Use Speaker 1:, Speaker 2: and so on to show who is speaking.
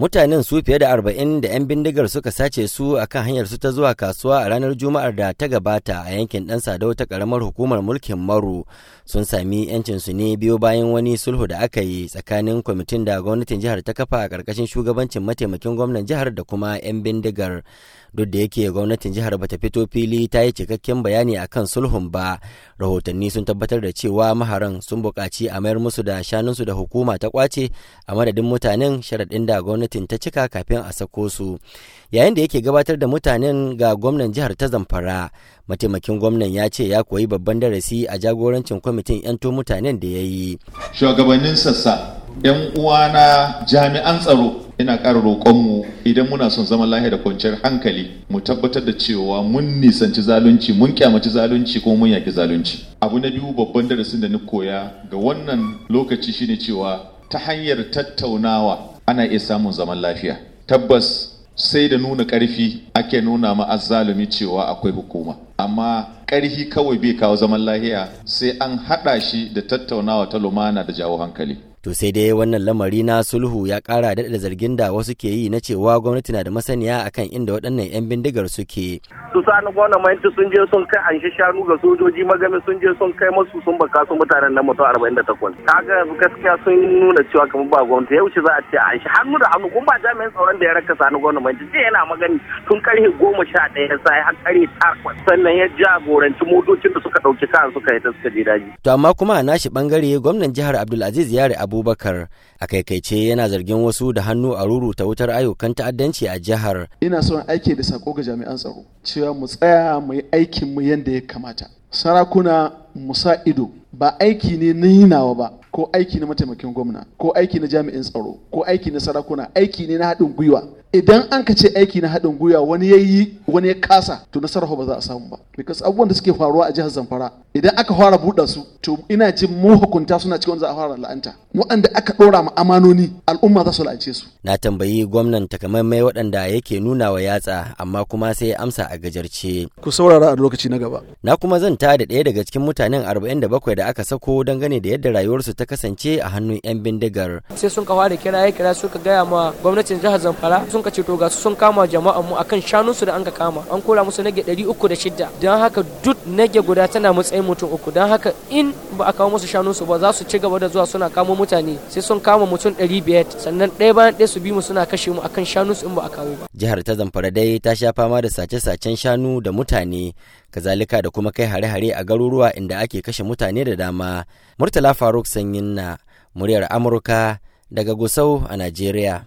Speaker 1: mutanen su fiye da arba'in da 'yan bindigar suka sace su a kan hanyar su ta zuwa kasuwa a ranar juma'ar da ta gabata a yankin ɗan sadau ta karamar hukumar mulkin maru sun sami 'yancin su ne biyo bayan wani sulhu da aka yi tsakanin kwamitin da gwamnatin jihar ta kafa a karkashin shugabancin mataimakin gwamnan jihar da kuma 'yan bindigar duk da yake gwamnatin jihar bata fito fili ta yi cikakken bayani a kan sulhun ba rahotanni sun tabbatar da cewa maharan sun buƙaci a mayar musu da shanunsu da hukuma ta kwace a madadin mutanen sharaɗin da gwamnati gwamnatin ta cika kafin a sako su yayin da yake gabatar da mutanen ga gwamnan jihar ta zamfara mataimakin gwamnan ya ce ya koyi babban darasi a jagorancin kwamitin 'yanto mutanen da ya yi
Speaker 2: shugabannin sassa 'yan uwana jami'an tsaro ina ƙara roƙonmu idan muna son zama lahiya da kwanciyar hankali mu tabbatar da cewa mun nisanci zalunci mun kyamaci zalunci kuma mun yaki zalunci abu na biyu babban darasin da ni koya ga wannan lokaci shine cewa ta hanyar tattaunawa ana iya samun zaman lafiya tabbas sai da nuna ƙarfi ake nuna ma azzalumi cewa akwai hukuma amma ƙarfi kawai bai kawo zaman lafiya sai an haɗa shi da tattaunawa ta lumana da jawo hankali
Speaker 1: To sai dai wannan lamari na sulhu ya kara da zargin da wasu ke yi na cewa gwamnati na da masaniya akan inda waɗannan 'yan bindigar suke. Su sani
Speaker 3: gwamnati sun je sun kai an shanu ga sojoji magami sun je sun kai masu sun baka su mutanen na mutu 48. Kaga gaskiya sun nuna cewa kamar ba gwamnati ya wuce za a ce shi hannu da hannu kuma ba jami'in tsaron da ya raka sani gwamnati sai yana magani tun karfe goma sha ɗaya sai har karfe takwas sannan ya jagoranci motocin da suka ɗauki kan suka yi ta suka je daji.
Speaker 1: To amma kuma a nashi ɓangare gwamnan jihar Abdulaziz Yare abubakar a kaikaice yana zargin wasu da hannu a ruruta wutar ayyukan ta'addanci a jihar
Speaker 4: ina son aiki da sako ga jami'an tsaro cewa mu tsaya mu yi aikin mu yadda ya kamata sarakuna musa ido ba aiki ne na yinawa ba ko aiki na mataimakin gwamna ko aiki na jami'in tsaro ko aiki na sarakuna aiki ne na haɗin gwiwa idan an ka ce aiki na haɗin gwiwa wani ya yi wani ya kasa to nasarar ba za a samu ba because abubuwan da suke faruwa a jihar zamfara idan aka fara buɗa su to ina jin mu hukunta suna cikin za a fara la'anta waɗanda aka ɗora ma amanoni al'umma za su la'ance su
Speaker 1: na tambayi gwamnan takamaimai waɗanda yake nuna wa yatsa amma kuma sai ya amsa a gajarce ku saurara a lokaci na gaba na kuma zan ta da ɗaya daga cikin mutanen 47 da aka sako dangane da yadda rayuwarsu ta kasance a hannun 'yan bindigar.
Speaker 5: Sai sun ka fara ya kira suka gaya ma gwamnatin jihar Zamfara sun ka ce to ga su sun kama jama'an mu akan su da an ka kama an kora musu nage shida don haka duk nage guda tana matsayin mutum uku don haka in ba a kawo musu su ba za su ci gaba da zuwa suna kamo mutane sai sun kama mutum biyar sannan ɗaya bayan ɗaya su bi mu suna kashe mu akan su in ba a kawo ba.
Speaker 1: Jihar ta Zamfara dai ta sha fama da sace-sacen shanu da mutane kazalika da kuma kai hare-hare a garuruwa inda ake kashe mutane da dama murtala faruk sanyin na muryar amurka daga gusau a najeriya